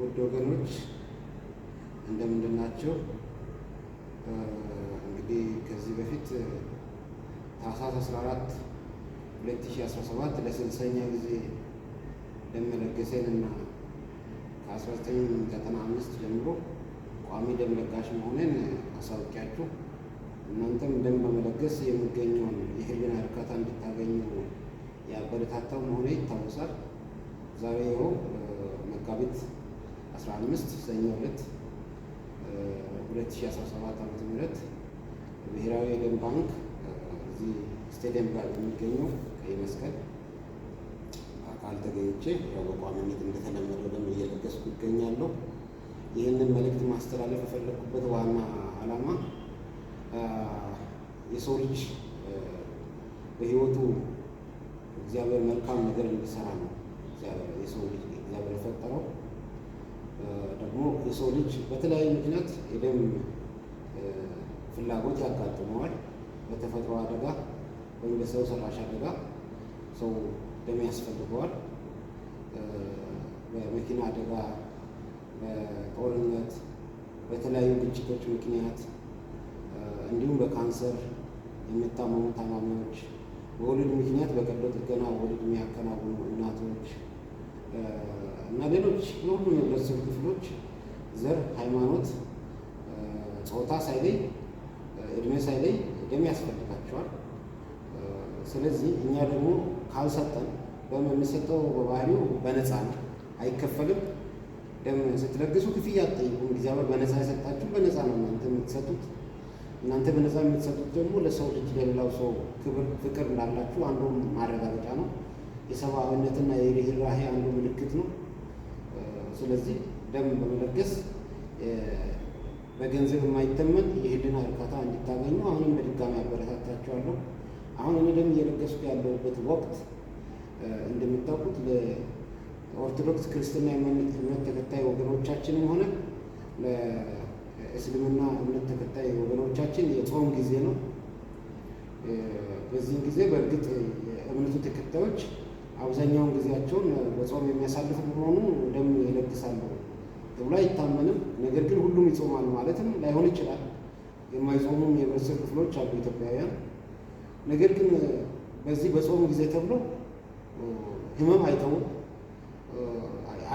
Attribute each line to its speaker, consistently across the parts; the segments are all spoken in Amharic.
Speaker 1: ውድ ወገኖች እንደምንድን ናቸው? እንግዲህ ከዚህ በፊት ታህሳስ 14 2017 ለስልሳኛ ጊዜ ደም ለገሰን እና ከ1995 ጀምሮ ቋሚ ደም ለጋሽ አሳውቂያችሁ እናንተም ደም በመለገስ የሚገኘውን የህሊና እርካታ እንድታገኙ ያበረታታው መሆነ ይታወሳል። ዛሬ ይኸው 15 ሰኞ ዕለት 2017 ዓ ብሔራዊ የደም ባንክ እዚህ ስቴዲየም ጋር የሚገኘው ቀይ መስቀል አካል ተገኝቼ ያው በቋሚነት እንደተለመደው ደም እየለገስኩ ይገኛለሁ። ይህንን መልእክት ማስተላለፍ የፈለግኩበት ዋና ዓላማ የሰው ልጅ በህይወቱ እግዚአብሔር መልካም ነገር እንዲሰራ ነው የሰው ልጅ ሰው ልጅ በተለያዩ ምክንያት የደም ፍላጎት ያጋጥመዋል። በተፈጥሮ አደጋ ወይም በሰው ሰራሽ አደጋ ሰው ደም ያስፈልገዋል። በመኪና አደጋ፣ በጦርነት፣ በተለያዩ ግጭቶች ምክንያት እንዲሁም በካንሰር የሚታመሙ ታማሚዎች፣ በወሊድ ምክንያት በቀዶ ጥገና ወሊድ የሚያከናውኑ እናቶች እና ሌሎች የሁሉም የህብረተሰብ ክፍሎች ዘር፣ ሃይማኖት፣ ጾታ ሳይለይ እድሜ ሳይለይ ደም ያስፈልጋቸዋል። ስለዚህ እኛ ደግሞ ካልሰጠን በምንሰጠው በባህሪው በነፃ አይከፈልም። ደም ስትለግሱ ክፍያ አትጠይቁም። እግዚአብሔር በነፃ የሰጣችሁ በነፃ ነው እናንተ የምትሰጡት። እናንተ በነፃ የምትሰጡት ደግሞ ለሰው ልጅ ለሌላው ሰው ክብር፣ ፍቅር እንዳላችሁ አንዱ ማረጋገጫ ነው። የሰብአዊነትና የርህራሄ አንዱ ምልክት ነው። ስለዚህ ደም በመለገስ በገንዘብ የማይተመን የህልና እርካታ እንዲታገኙ አሁንም በድጋሚ አበረታታቸዋለሁ። አሁን እኔ ደም እየለገስኩ ያለሁበት ወቅት እንደምታውቁት ለኦርቶዶክስ ክርስትና እምነት ተከታይ ወገኖቻችንም ሆነ ለእስልምና እምነት ተከታይ ወገኖቻችን የጾም ጊዜ ነው። በዚህም ጊዜ በእርግጥ የእምነቱ ተከታዮች አብዛኛውን ጊዜያቸውን በጾም የሚያሳልፉ ቢሆኑ ደም ይለግሳሉ ተብሎ አይታመንም። ነገር ግን ሁሉም ይጾማል ማለትም ላይሆን ይችላል። የማይጾሙም የህብረተሰብ ክፍሎች አሉ ኢትዮጵያውያን። ነገር ግን በዚህ በጾም ጊዜ ተብሎ ህመም አይተው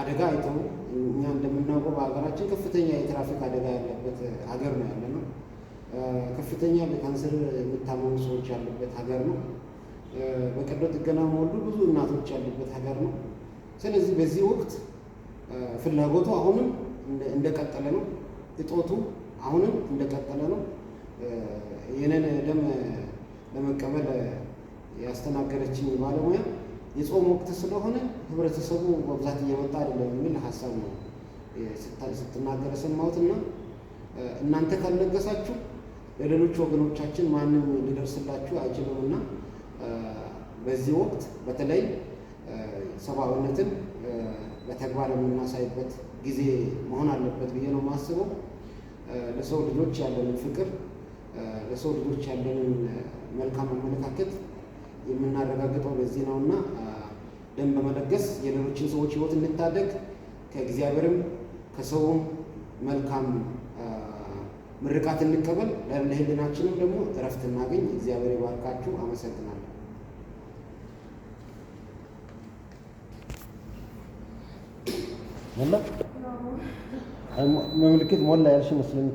Speaker 1: አደጋ አይተው እኛ እንደምናውቀው በሀገራችን ከፍተኛ የትራፊክ አደጋ ያለበት ሀገር ነው ያለ ነው። ከፍተኛ በካንሰር የሚታመሙ ሰዎች ያሉበት ሀገር ነው። በቀዶ ጥገና ሁሉ ብዙ እናቶች ያሉበት ሀገር ነው። ስለዚህ በዚህ ወቅት ፍላጎቱ አሁንም እንደቀጠለ ነው። እጦቱ አሁንም እንደቀጠለ ነው። ይህንን ደም ለመቀበል ያስተናገረችኝ ባለሙያ የጾም ወቅት ስለሆነ ህብረተሰቡ በብዛት እየመጣ አይደለም የሚል ሀሳብ ነው ስትናገር ሰማሁትና እናንተ ካልለገሳችሁ ለሌሎች ወገኖቻችን ማንም ሊደርስላችሁ አይችልም እና? በዚህ ወቅት በተለይ ሰብአዊነትን በተግባር የምናሳይበት ጊዜ መሆን አለበት ብዬ ነው የማስበው። ለሰው ልጆች ያለንን ፍቅር፣ ለሰው ልጆች ያለንን መልካም አመለካከት የምናረጋግጠው በዚህ ነው እና ደም በመለገስ የሌሎችን ሰዎች ህይወት እንታደግ ከእግዚአብሔርም ከሰውም መልካም ምርቃት እንቀበል፣ ለህልናችንም ደግሞ እረፍት እናገኝ። እግዚአብሔር ይባርካችሁ። አመሰግናለሁ።
Speaker 2: የለም
Speaker 3: በምልክት ሞላ ያልሽ መስሎኝ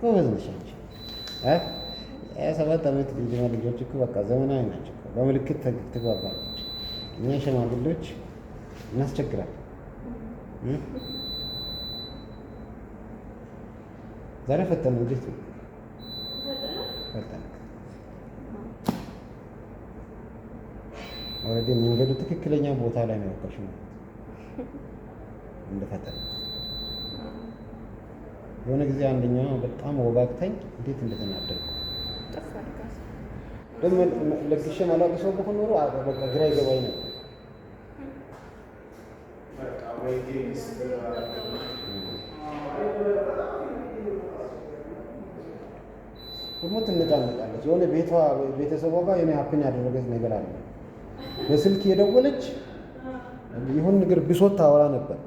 Speaker 3: ጎበዝ ነሽ አንቺ። የሰባት ዓመት ልጅማ ልጆች እኮ በቃ ዘመናዊ ናቸው። በምልክት ትግባባለች። እኛ ሸማግሎች እናስቸግራል። ዛሬ ፈጠነ። እንዴት ነው ፈጠነ? ኦልሬዲ መንገዱ ትክክለኛ ቦታ ላይ ነው ያወቀሽ ነው እንደፈጠረ የሆነ ጊዜ አንደኛው በጣም ወጋግተኝ እንዴት እንደተናደርኩ ደግሞ ለግሼ ማላውቅ ሰው ብሆን ኖሮ ግራ ይገባኝ ነው። ደግሞ ትነጫነጫለች። የሆነ ቤቷ ቤተሰቧ ጋር የሆነ ሀፕን ያደረገች ነገር አለ። በስልክ የደወለች የሆነ ነገር ብሶት ታወራ ነበር።